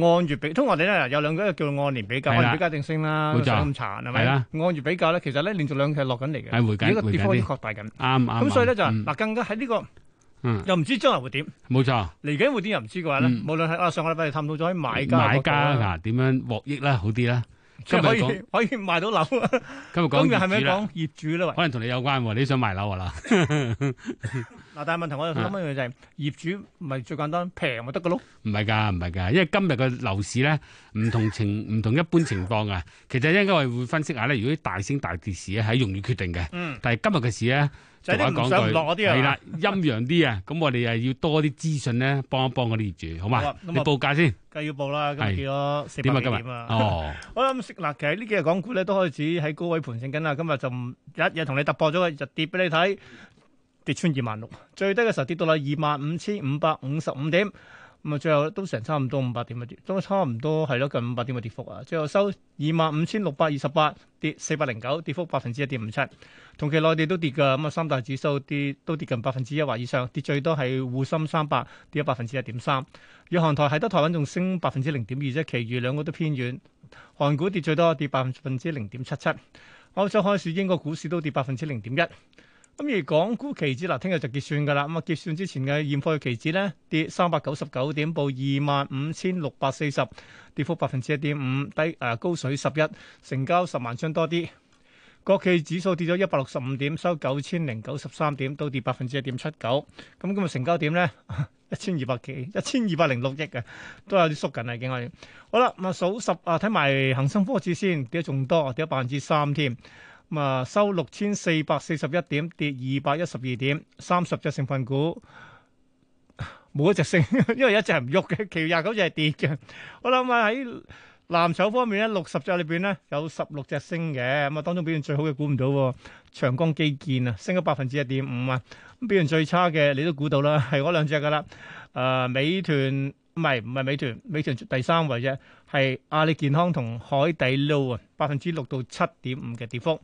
按月比，通常我哋咧有兩嗰叫按年比較，按年比較定升啦，冇咁殘係咪？按月比較咧、啊，其實咧連續兩期落緊嚟嘅，而家跌幅擴大緊。啱啱咁所以咧就嗱、嗯，更加喺呢、這個，嗯，又唔知將來會點？冇錯，嚟緊會點又唔知嘅話咧、嗯，無論係啊上個禮拜探討咗買，買家，買家點樣獲益啦好啲啦。可以今日可以賣到樓啊！今日係咪講業主咧？可能同你有關、啊，你想賣樓啊啦？嗱， 但係問題我哋諗一樣嘢，就係業主，唔係最簡單平就得噶咯？唔係噶，唔係噶，因為今日嘅樓市咧唔同情唔 同一般情況啊。其實應該我哋會分析下咧，如果啲大升大跌市咧係容易決定嘅、嗯。但係今日嘅市咧。就啲唔上唔落嗰啲啊，係啦，陰陽啲啊，咁 我哋又要多啲資訊咧，幫一幫嗰啲業主，好嘛？咁你報價先，梗要報啦，咁跌咗四百點啊，哦，好啦咁，食嗱，其實呢幾日港股咧都開始喺高位盤整緊啦，今日就一日同你突破咗個日跌俾你睇，跌穿二萬六，最低嘅時候跌到啦二萬五千五百五十五點。咁啊，最後都成差唔多五百點嘅跌，都差唔多係咯，近五百點嘅跌幅啊！最後收二萬五千六百二十八，跌四百零九，跌幅百分之一點五七。同期內地都跌嘅，咁啊，三大指數跌都跌近百分之一或以上，跌最多係滬深三百跌百分之一點三。若韓台係得台灣仲升百分之零點二啫，其餘兩個都偏遠。韓股跌最多跌百分之零點七七。歐洲開市，英國股市都跌百分之零點一。咁而港股期指嗱，聽日就結算噶啦。咁啊，結算之前嘅現貨期指咧跌三百九十九點，報二萬五千六百四十，跌幅百分之一點五，低誒高水十一，成交十萬張多啲。國企指數跌咗一百六十五點，收九千零九十三點，都跌百分之一點七九。咁今日成交點咧一千二百幾，一千二百零六億嘅，都有啲縮緊啦，見開點。好啦，咁啊數十啊，睇埋恒生科指先，跌得仲多，跌咗百分之三添。咁啊，收六千四百四十一點，跌二百一十二點，三十隻成分股冇一隻升，因為一隻係唔喐嘅，其餘廿九隻係跌嘅。我諗啊喺藍籌方面咧，六十隻裏邊咧有十六隻升嘅，咁啊當中表現最好嘅估唔到，長江基建啊，升咗百分之一點五啊，咁表現最差嘅你都估到啦，係嗰兩隻噶啦，誒、呃、美團。唔係唔係美團，美團第三位啫，係阿里健康同海底撈啊，百分之六到七點五嘅跌幅。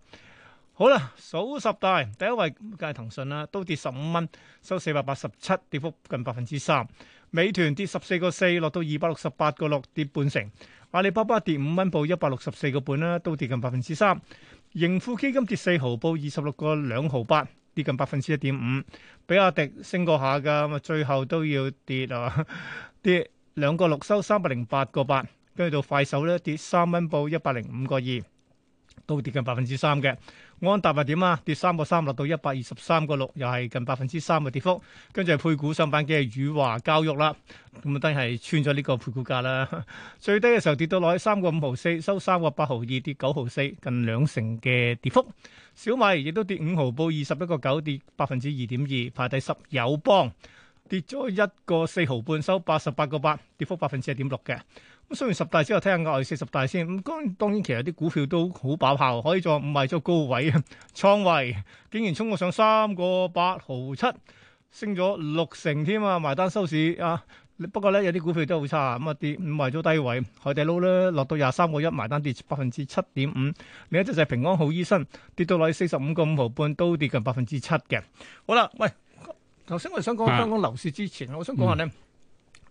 好啦，數十大第一位梗係騰訊啦，都跌十五蚊，收四百八十七，跌幅近百分之三。美團跌十四個四，落到二百六十八個六，跌半成。阿里巴巴跌五蚊，報一百六十四個半啦，都跌近百分之三。盈富基金跌四毫，報二十六個兩毫八，跌近百分之一點五。比亞迪升過下噶，咁啊最後都要跌啊。跌兩個六收三百零八個八，跟住到快手咧跌三蚊報一百零五個二，都跌近百分之三嘅。安踏又點啊？跌三個三落到一百二十三個六，又係近百分之三嘅跌幅。跟住係配股上板嘅宇華教育啦，咁啊當然係穿咗呢個配股價啦。最低嘅時候跌到落去三個五毫四，收三個八毫二，跌九毫四，近兩成嘅跌幅。小米亦都跌五毫，報二十一個九，跌百分之二點二，排第十。友邦。跌咗一個四毫半，收八十八個八，跌幅百分之一點六嘅。咁雖然十大之後睇下外四十大先。咁當當然其實啲股票都好把炮，可以再唔賣咗高位啊，倉位竟然衝過上三個八毫七，升咗六成添啊，埋單收市啊。不過咧有啲股票都好差，咁一跌唔賣咗低位。海底撈咧落到廿三個一，埋單跌百分之七點五。另一隻就係平安好醫生，跌到落去四十五個五毫半，都跌近百分之七嘅。好啦，喂。頭先我哋想講香港樓市之前，我想講下呢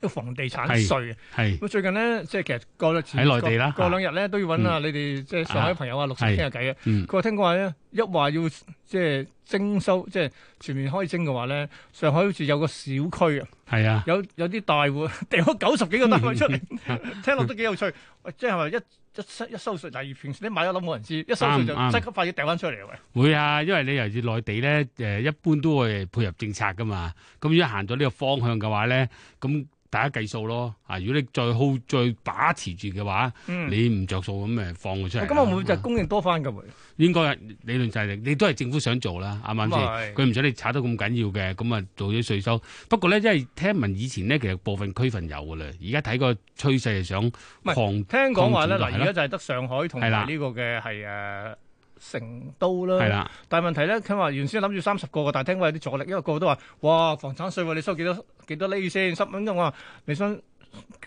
個房地產稅啊。咁、嗯、最近呢，即係其實過，內地過兩過兩日咧都要揾啊你哋即係上海朋友六十日啊、陸上傾下偈啊，佢話聽講話咧，一話要即係徵收，即係全面開徵嘅話咧，上海好似有個小區啊，有有啲大戶掉咗九十幾個單位出嚟、嗯啊啊啊，聽落都幾有趣。即係話一。一收一收稅，但係越平時你買，你買咗樓冇人知，一收稅就即刻快啲掉翻出嚟啊！會啊，因為你尤其是內地咧，誒一般都會配合政策噶嘛，咁如果行咗呢個方向嘅話咧，咁。大家計數咯，啊！如果你再好再把持住嘅話，嗯、你唔着數，咁咪放佢出嚟。咁我唔會就供應多翻噶，會應該理論就係你都係政府想做啦，啱唔啱先？佢唔想你炒得咁緊要嘅，咁啊做咗稅收。不過咧，即係聽聞以前咧，其實部分區份有噶啦，而家睇個趨勢係想唔係聽講話咧，嗱而家就係得上海同埋呢個嘅係誒。成都啦，但係問題咧，佢話原先諗住三十個，但係聽話有啲阻力，因為個個都話，哇，房產稅話你收幾多幾多厘先，十蚊咁，我話你想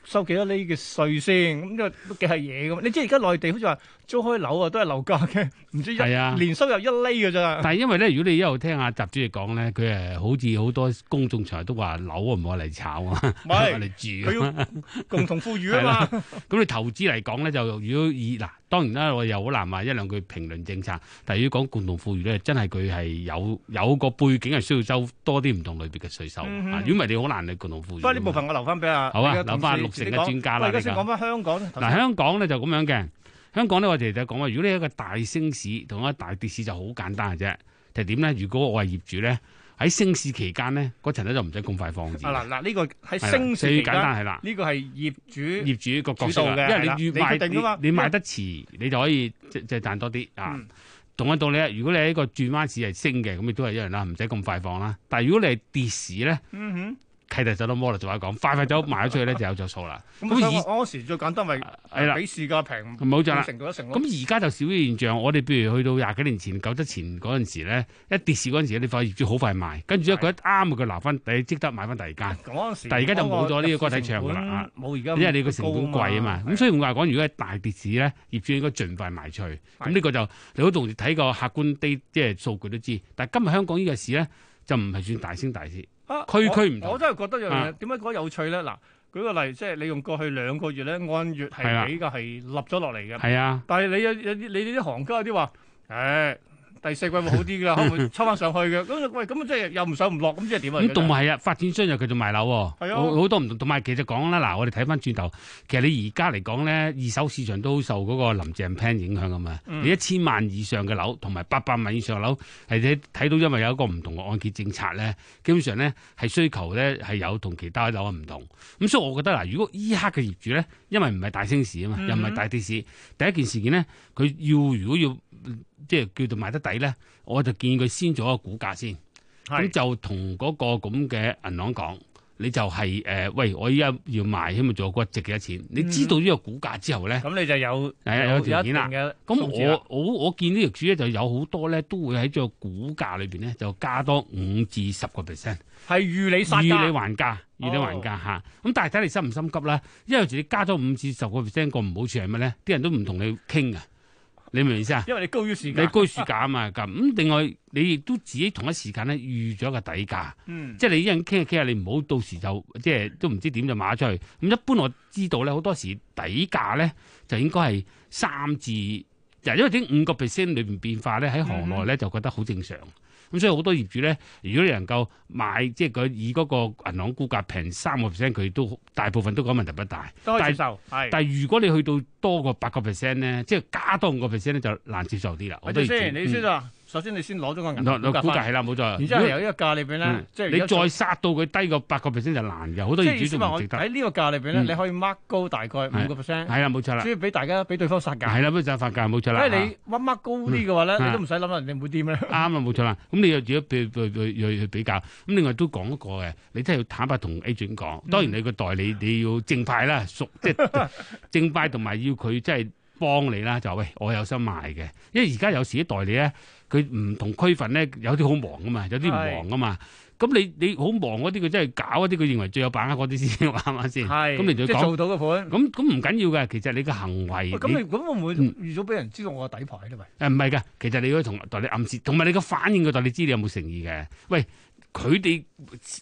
收幾多厘嘅稅先，咁又都幾係嘢噶嘛？你知而家內地好似話租開樓啊，都係樓價嘅，唔知一年收入一厘噶咋？但係因為咧，如果你一路聽阿習主席講咧，佢誒好似好多公眾場都話，樓啊唔好嚟炒啊，買嚟住，佢要共同富裕啊嘛。咁你投資嚟講咧，就如果以嗱。當然啦，我又好難話一兩句評論政策。但係如果講共同富裕咧，真係佢係有有個背景係需要收多啲唔同類別嘅稅收。如果唔係，你好難你共同富裕。不過呢部分我留翻俾啊，好啊，留翻六成嘅專家啦。而家講翻香港。嗱，香港咧就咁樣嘅。香港咧我哋就講話，如果你一個大升市同一個大跌市就好簡單嘅啫。就點咧？如果我係業主咧？喺升市期間咧，嗰層咧就唔使咁快放。係、啊啊呢個、啦，嗱呢個喺升市期間最簡單係啦，呢個係業主,主業主個角度嘅，因為你賣你,你賣得遲，你就可以即即係賺多啲、嗯、啊。同一道理啊，如果你係一個轉彎市係升嘅，咁亦都係一樣啦，唔使咁快放啦。但係如果你係跌市咧，嗯哼。契弟走到摩啦，就話講，快快走賣咗出去咧，就有著數啦。咁而嗰時最簡單咪、就係，係、啊、啦，比市價平唔好咗啦，成個一成。咁而家就少啲現象。我哋譬如去到廿幾年前九七前嗰陣時咧，一跌市嗰陣時咧，你發現業主好快賣，跟住一個一啱佢拿翻，即得買翻第二間。嗰陣時，但而家就冇咗呢個歌仔唱噶啦，冇而家，因為你個成本貴啊嘛。咁所以我話講，如果係大跌市咧，業主應該儘快賣出去。咁呢個就你好同睇個客觀啲，即係數據都知。但係今日香港呢個市咧，就唔係算大升大市。嗯啊、區區唔同，我真係覺得有樣嘢點解講有趣咧？嗱、啊，舉個例，即、就、係、是、你用過去兩個月咧，按月係比較係立咗落嚟嘅，係啊，但係你有有啲你啲行家啲話，唉、欸。第四季會好啲噶， 可能會抽翻上去嘅。咁，喂，咁即係又唔上唔落，咁即係點啊？咁同埋係啊，發展商又繼續賣樓。係啊，好多唔同同埋其實講啦。嗱，我哋睇翻轉頭，其實你而家嚟講咧，二手市場都好受嗰個林鄭 plan 影響啊嘛。你一千萬以上嘅樓，同埋八百萬以上樓，係睇睇到，因為有一個唔同嘅按揭政策咧，基本上咧係需求咧係有同其他樓唔同。咁所以，我覺得嗱，如果依刻嘅業主咧，因為唔係大升市啊嘛，又唔係大跌市、嗯，第一件事件咧，佢要如果要。即係叫做賣得抵咧，我就建議佢先做一個估價先，咁就同嗰個咁嘅銀行講，你就係、是、誒、呃，喂，我依家要賣，希望做估值幾多錢、嗯？你知道呢個估價之後咧，咁、嗯、你就有有條件啦。咁我我我見呢業主咧就有好多咧都會喺呢個估價裏邊咧就加多五至十個 percent，係預你殺價、預你還價、預你還價吓。咁、哦啊、但係睇你心唔心急啦，因為有時你加咗五至十個 percent 個唔好處係咩咧？啲人都唔同你傾噶。你明唔明意思啊？因為你高於市價，你高於市價啊嘛咁。咁另外你亦都自己同一時間咧預咗個底價，嗯、即係你聊一樣傾下傾下，你唔好到時就即係都唔知點就賣出去。咁一般我知道咧，好多時底價咧就應該係三至，就係、因為呢五個 percent 裏邊變化咧喺行內咧就覺得好正常。嗯。咁所以好多業主咧，如果你能夠買，即係佢以嗰個銀行估價平三個 percent，佢都大部分都講問題不大。都接受係。但係如果你去到多過八個 percent 咧，即係加多五個 percent 咧，就難接受啲啦。我周生，你先啊。嗯首先你先攞咗個銀，估計係啦，冇錯。然之後由呢個價裏邊咧，即係你再殺到佢低個八個 percent 就難有好多業主都唔值得。喺呢個價裏邊咧，你可以 mark 高大概五個 percent。係、嗯、啦，冇錯啦。主要俾大家俾對方殺價。係啦，俾對方殺價，冇錯啦。即係你 mark 高啲嘅話咧、嗯，你都唔使諗人哋會點咧？啱啊，冇錯啦。咁、嗯嗯、你又自己去比較，咁另外都講過嘅，你真係要坦白同 agent 講。當然你個代理你要正派啦、嗯，熟即正派，同埋要佢真係幫你啦。就喂，我有心賣嘅，因為而家有時啲代理咧。佢唔同區份咧，有啲好忙噶嘛，有啲唔忙噶嘛。咁你你好忙嗰啲，佢真係搞嗰啲，佢認為最有把握嗰啲先，係咪先？咁你做到，咁咁唔緊要嘅。其實你嘅行為，咁你咁我唔會預咗俾人知道我嘅底牌咧，咪、嗯？唔係嘅，其實你要同代理暗示，同埋你嘅反應個代理知你有冇誠意嘅。喂，佢哋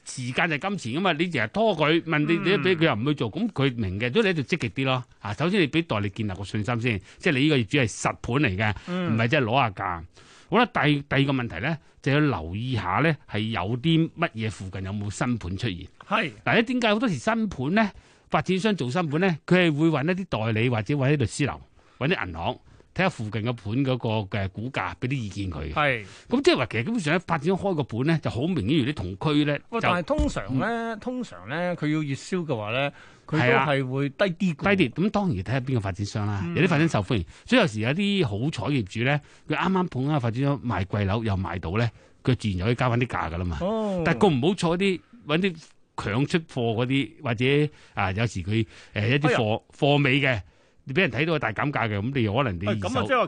時間就係金錢噶嘛，你成日拖佢問你，你俾佢又唔去做，咁、嗯、佢明嘅，所以你就度積極啲咯。啊，首先你俾代理建立個信心先，即係你呢個業主係實盤嚟嘅，唔係即係攞下價。好啦，第第二個問題咧，就要留意下咧，係有啲乜嘢附近有冇新盤出現？係但係，咧點解好多時新盤咧，發展商做新盤咧，佢係會揾一啲代理或者揾啲律師樓，揾啲銀行。睇下附近嘅盤嗰個嘅股價，俾啲意見佢。係，咁即係話其實基本上咧，發展商開個盤咧，就好明顯如啲同區咧、哦。但係通常咧、嗯，通常咧，佢要熱銷嘅話咧，佢都係會低啲。低啲咁當然睇下邊個發展商啦，嗯、有啲發展受歡迎，所以有時有啲好彩嘅業主咧，佢啱啱捧啊發展商賣貴樓又賣到咧，佢自然就可以加翻啲價噶啦嘛。哦、但係佢唔好坐啲揾啲強出貨嗰啲，或者啊，有時佢誒、呃、一啲貨、哎、貨尾嘅。你俾人睇到係大減價嘅，咁你可能啲一手，啊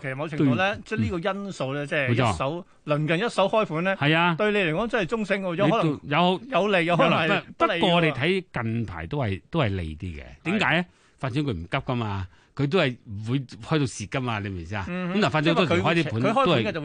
鄰近一手開款呢啊、對你嚟講，真係中性。有可能有有利，有可能不利。不過我哋睇近排都係都係利啲嘅。點解啊？發展佢唔急噶嘛。佢都係會開到蝕噶嘛，你明唔明意思啊？咁、嗯、嗱，反正都係開啲盤，都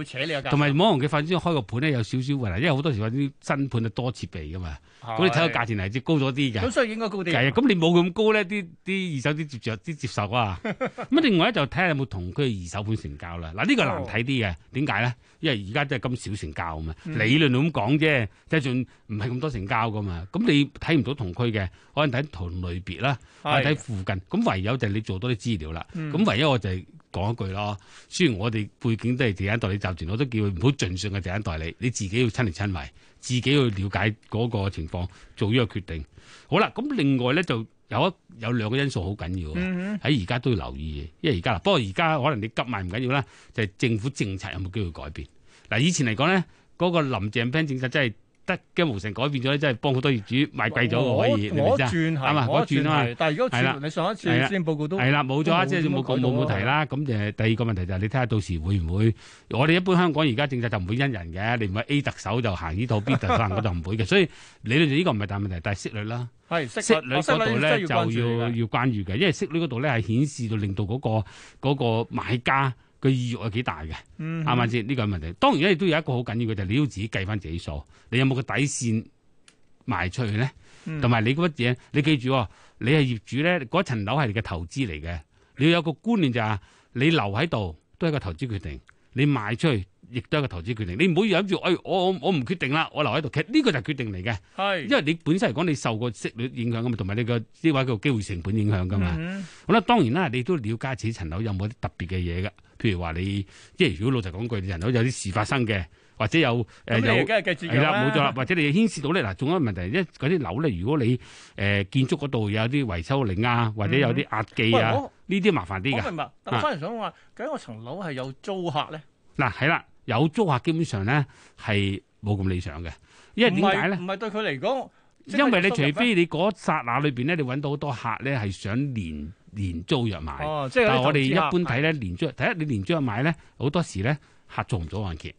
係同埋冇嘅發展商開個盤咧，有少少雲，因為好多時啲新盤啊多設備噶嘛，咁你睇個價錢係高咗啲嘅。咁所以應該高啲。係啊，咁你冇咁高咧，啲啲二手啲接住有啲接受啊。咁 另外咧就睇下有冇同佢嘅二手盤成交啦。嗱、這個，哦、呢個難睇啲嘅，點解咧？因為而家都係咁少成交嘛，嗯，理論咁講啫，即係仲唔係咁多成交噶嘛。咁你睇唔到同區嘅，可能睇同類別啦，或者睇附近。咁唯有就係你做多啲資料啦。咁，嗯，唯一我就講一句咯。雖然我哋背景都係地產代理集團，我都叫佢唔好盡信嘅地產代理，你自己要親力親為，自己去了解嗰個情況，做呢個決定。好啦，咁另外咧就有一有兩個因素好緊要，喺而家都要留意嘅。因為而家啦，不過而家可能你急賣唔緊要啦，就係、是、政府政策有冇機會改變。嗱，以前嚟講咧，嗰個林鄭 Plan 政策真係得驚無成改變咗咧，真係幫好多業主買貴咗可以，係咪先？啱啊，我，轉我，轉我轉但係如果轉，你上一次先報告都係啦，冇咗即係冇冇冇提啦。咁，誒，就第二個問題就係你睇下到時會唔會？我哋一般香港而家政策就唔會因人嘅，你唔係 A 特首就行呢套，B 特可能我就唔會嘅。所以你呢？呢個唔係大問題，但係息率啦，息率嗰度咧就要要關注嘅，因為息率嗰度咧係顯示到令到嗰個嗰個買家。佢意欲係幾大嘅，啱唔啱先？呢、這個係問題，當然咧亦都有一個好緊要嘅，就係、是、你要自己計翻自己數，你有冇個底線賣出去咧？同、嗯、埋你嗰乜嘢？你記住、哦，你係業主咧，嗰層樓係你嘅投資嚟嘅。你要有個觀念就係、是，你留喺度都係個投資決定，你賣出去，亦都係一個投資決定，你唔好諗住，哎，我我唔決定啦，我留喺度。呢、呢個就係決定嚟嘅，因為你本身嚟講，你受個息率影響噶嘛，同埋你個、呢個呢位叫做機會成本影響噶嘛。好、嗯、啦、嗯，當然啦，你都了解自己層樓有冇啲特別嘅嘢噶，譬如話你，即係如果老實講句，層樓有啲事發生嘅，或者有誒有，梗係繼續啦，冇錯啦。或者你牽涉到咧，嗱，仲有一個問題，因為嗰啲樓咧，如果你誒、呃、建築嗰度有啲維修令啊，或者有啲壓記啊，呢、嗯、啲麻煩啲嘅。我明白，但我反想話，究竟個層樓係有租客咧，嗱、啊，係啦。有租客基本上咧，係冇咁理想嘅，因為點解咧？唔係對佢嚟講，因為你除非你嗰剎那裏邊咧，你揾到好多客咧係想連連租約買。哦，即係我哋一般睇咧，連租約第一看你連租約買咧，好多時咧客做唔咗按揭，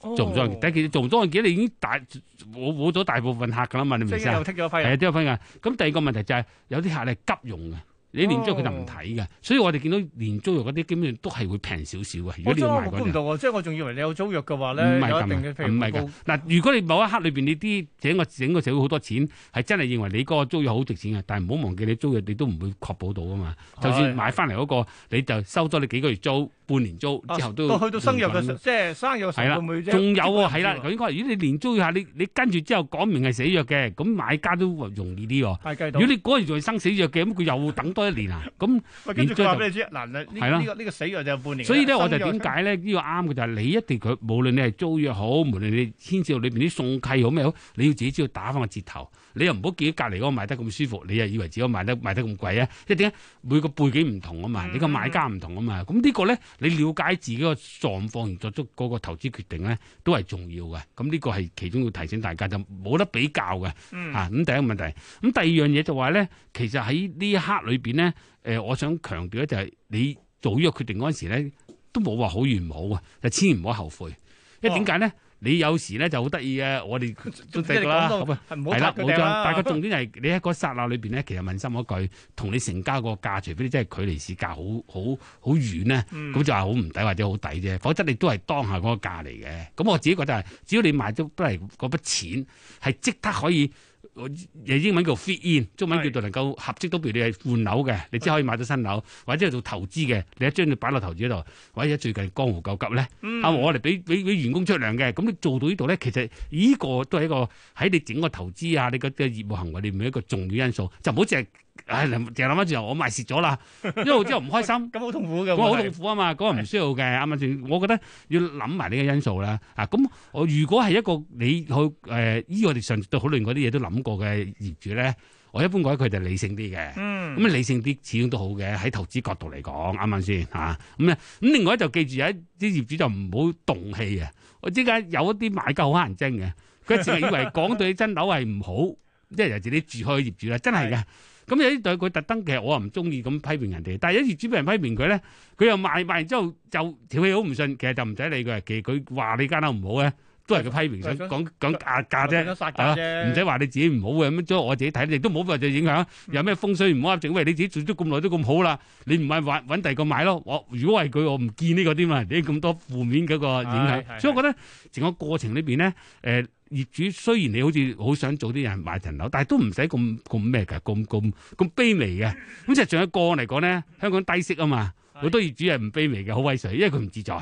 做唔咗按揭。第一件做唔咗按揭，你已經大攞攞咗大部分客噶啦嘛，你明唔明先？係啊，都有分㗎。咁第二個問題就係、是、有啲客係急用嘅。你連租佢就唔睇嘅，哦、所以我哋見到連租約嗰啲，基本上都係會平少少嘅。如果你賣嗰到即係我仲以為你有租約嘅話咧，唔定嘅唔係㗎，嗱，如果你某一刻裏邊你啲整個整個社會好多錢係真係認為你嗰個租約好值錢嘅，但係唔好忘記你的租約你都唔會確保到㗎嘛。就算買翻嚟嗰個，你就收多你幾個月租，半年租之後都到嘅時候，啊、到去到生約嘅，即係生約嘅時候仲有喎，啊，係啦，應該。如果你連租下你你跟住之後講明係死約嘅，咁買家都容易啲喎，啊。如果你嗰樣仲係生死約嘅，咁佢又會等多一年啊，咁話俾你知，係呢、啊這個呢、這個這個這個死約就有半年。所以咧，我就點解咧？呢、這個啱嘅就係、是、你一定佢，無論你係租約好，無論你牽涉到裏邊啲送契好咩好，你要自己知道打返個折頭。你又唔好見隔離嗰個賣得咁舒服，你又以為自己賣得賣得咁貴啊？即係點解每個背景唔同啊嘛，嗯、你個買家唔同啊嘛。咁呢個咧，你了解自己個狀況而作出嗰個投資決定咧，都係重要嘅。咁呢個係其中要提醒大家就冇得比較嘅。嗯，咁、啊、第一個問題，咁第二樣嘢就話咧，其實喺呢一刻裏邊。咧，誒，我想強調咧，就係你做呢個決定嗰陣時咧，都冇話好與唔好啊，就千祈唔好後悔。因為點解咧？你有時咧就好得意嘅，我哋都掉啦。唔、哦、啦，冇、哦、錯。但係個重點係，你喺嗰剎那裏邊咧，其實問心嗰句，同你成交個價，除非你真係距離市價好好好遠咧，咁、嗯、就話好唔抵或者好抵啫。否則你都係當下嗰個價嚟嘅。咁我自己覺得係，只要你賣到都係嗰筆錢係即刻可以。我英文叫 fit in，中文叫做能夠合適。都譬如你係換樓嘅，你只可以買到新樓；或者做投資嘅，你一將你擺落投資度，或者最近江湖救急咧、嗯。啊，我哋俾俾俾員工出糧嘅，咁你做到呢度咧，其實呢個都係一個喺你整個投資啊，你嘅嘅業務行為裏面一個重要因素，就唔好淨係。唉，淨係諗翻住我賣蝕咗啦，因為之後唔開心，咁 好痛苦嘅，我好痛苦啊嘛，嗰個唔需要嘅，啱啱先？我覺得要諗埋呢個因素啦。啊，咁我如果係一個你去誒，依、呃、我哋上次都討論嗰啲嘢，都諗過嘅業主咧，我一般覺得佢哋理性啲嘅，咁、嗯嗯、理性啲始終都好嘅，喺投資角度嚟講啱啱先啊？咁、嗯、啊，咁另外就記住有一啲業主就唔好動氣啊！我之間有一啲買家好乞人精乞人憎嘅，佢只係以為講對真樓係唔好，即係尤其是你住開嘅業主咧，真係嘅。咁、嗯、有啲對佢特登，其實我又唔中意咁批評人哋。但係有時主畀人批評佢咧，佢又賣賣完之後就條氣好唔順，其實就唔使理佢。其實佢話你間樓唔好咧，都係佢批評想講講價價啫，唔使話你自己唔好嘅。咁將我自己睇，你都冇好話影響。有咩風水唔好呀？正因為你自己做咗咁耐都咁好啦，你唔係揾揾第二個買咯。我如果係佢，我唔見呢個啲嘛。你咁多負面嗰個影響，是是是是所以我覺得整個過程裏邊咧，誒、呃。業主雖然你好似好想早啲人買層樓，但係都唔使咁咁咩㗎，咁咁咁卑微嘅。咁即係仲有一個嚟講咧，香港低息啊嘛。好多業主係唔卑微嘅，好威水，因為佢唔自在，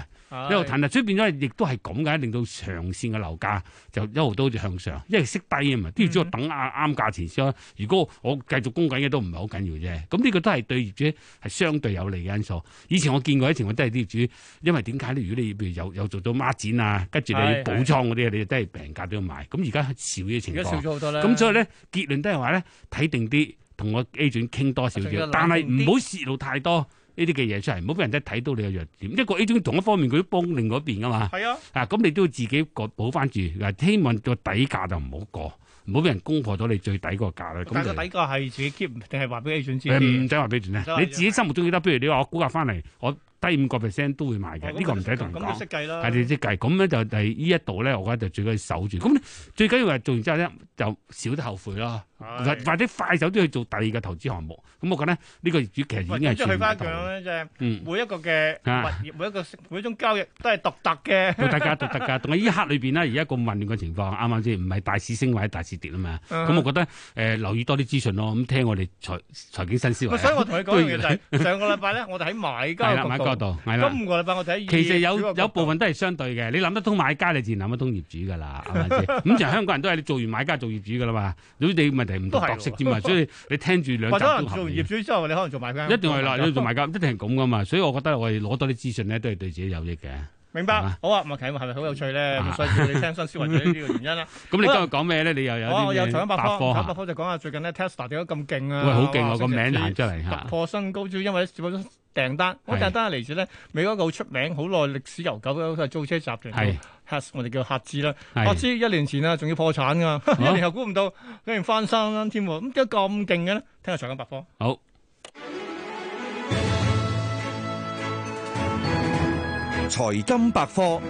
一路騰騰，出以變咗亦都係咁嘅，令到長線嘅樓價就一路都好似向上，因為息低啊嘛，啲、嗯、業主等啊啱價錢先。如果我繼續供緊嘅都唔係好緊要啫。咁呢個都係對業主係相對有利嘅因素。以前我見過啲情況都係業主，因為點解咧？如果你如有有做到孖展啊，跟住你要補倉嗰啲，你真係病價都要買。咁而家少啲情況，而家少咗好多啦。咁所以咧結論都係話咧，睇定啲同我 A 轉傾多、啊、少少，但係唔好泄露太多。呢啲嘅嘢出嚟，唔好俾人都睇到你嘅弱點。一個 A 中同一方面佢都幫另一邊㗎嘛。係啊，啊咁你都要自己個補翻住。嗱，希望個底價就唔好過，唔好俾人攻破咗你最底個價啦。但係個底價係自己 keep 定係話俾 A 轉知？唔使話俾轉，你自己心目中記得。譬如你話我估價翻嚟，我。低五個 percent 都會賣嘅，呢個唔使同人講。咁都識計咯。係你識計，咁咧就係呢一度咧，我覺得就最緊要守住。咁咧最緊要係做完之後咧，就少啲後悔咯。或者快手啲去做第二個投資項目。咁我覺得呢個業主其實已經係轉咗頭。咁就去翻帳啦啫。每一個嘅物業，每一個每一種交易都係獨特嘅。獨特㗎，獨特㗎。同埋呢刻裏邊咧，而家個混亂嘅情況啱唔啱先？唔係大市升或者大市跌啊嘛。咁我覺得誒留意多啲資訊咯。咁聽我哋財財經新思維。所以我同你講樣嘢就係上個禮拜咧，我哋喺買家。今個我度啦。其實有有部分都係相對嘅，你諗得通買家，你自然諗得通業主㗎啦。咁 就香港人都係你做完買家做業主㗎啦嘛。總之你問題唔多，角色啫嘛，所以你聽住兩集都合或者可能 做業主之後，你可能做買家。一定係啦，你做買家一定係咁㗎嘛。所以我覺得我哋攞多啲資訊咧，都係對自己有益嘅。明白。是好啊，麥啟係咪好有趣咧？我 以你聽新鮮聞呢啲原因啦。咁你今日講咩咧？你又有？我有財經百科，財、啊、就講下最近咧 Tesla 點解咁勁啊？喂，好勁喎，啊啊那個名彈出嚟嚇、啊。突破新高主要因為訂單，好訂單係嚟自咧美國一個好出名、好耐歷史悠久嘅租車集團，係，我哋叫客茲啦。客茲一年前啊，仲要破產噶， 一年後估唔到居然翻生啦，添咁點解咁勁嘅呢？聽下財金百科。好，財金百科，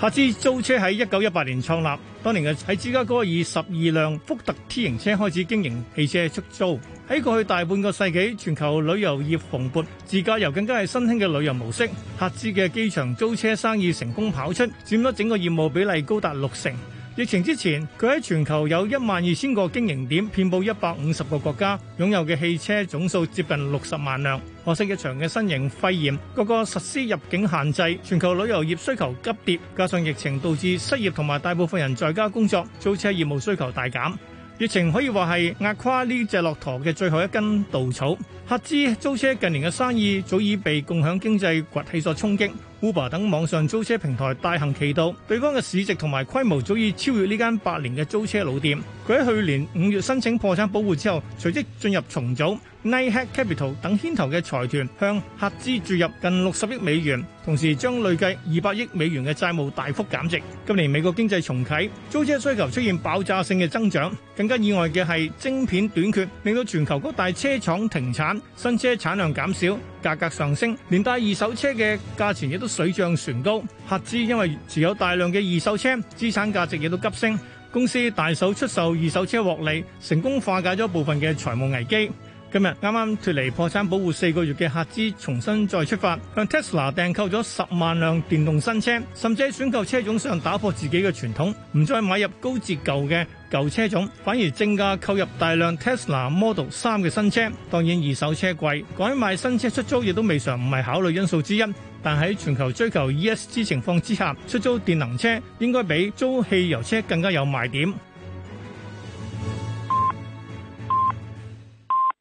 客茲租車喺一九一八年創立，當年嘅喺芝加哥以十二輛福特 T 型車開始經營汽車出租。喺過去大半個世紀，全球旅遊業蓬勃，自駕遊更加係新興嘅旅遊模式。客資嘅機場租車生意成功跑出，佔咗整個業務比例高達六成。疫情之前，佢喺全球有一萬二千個經營點，遍佈一百五十個國家，擁有嘅汽車總數接近六十萬輛。可惜一場嘅新型肺炎，各個實施入境限制，全球旅遊業需求急跌，加上疫情導致失業同埋大部分人在家工作，租車業務需求大減。疫情可以話係壓垮呢隻駱駝嘅最後一根稻草，合資租車近年嘅生意早已被共享經濟崛起所衝擊。Uber 等網上租車平台大行其道，對方嘅市值同埋規模早已超越呢間百年嘅租車老店。佢喺去年五月申請破產保護之後，隨即進入重組。Knighthead Capital 等牽頭嘅財團向赫茲注入近六十億美元，同時將累計二百億美元嘅債務大幅減值。今年美國經濟重啟，租車需求出現爆炸性嘅增長。更加意外嘅係晶片短缺，令到全球各大車廠停產，新車產量減少。價格上升，連帶二手車嘅價錢亦都水漲船高。客資因為持有大量嘅二手車，資產價值亦都急升。公司大手出售二手車獲利，成功化解咗部分嘅財務危機。今日啱啱脫離破產保護四個月嘅客資，重新再出發，向 Tesla 訂購咗十萬輛電動新車，甚至喺選購車種上打破自己嘅傳統，唔再買入高折舊嘅。舊車種反而正價購入大量 Tesla Model 三嘅新車，當然二手車貴，改賣新車出租亦都未嘗唔係考慮因素之一。但喺全球追求 ESG 情況之下，出租電能車應該比租汽油車更加有賣點。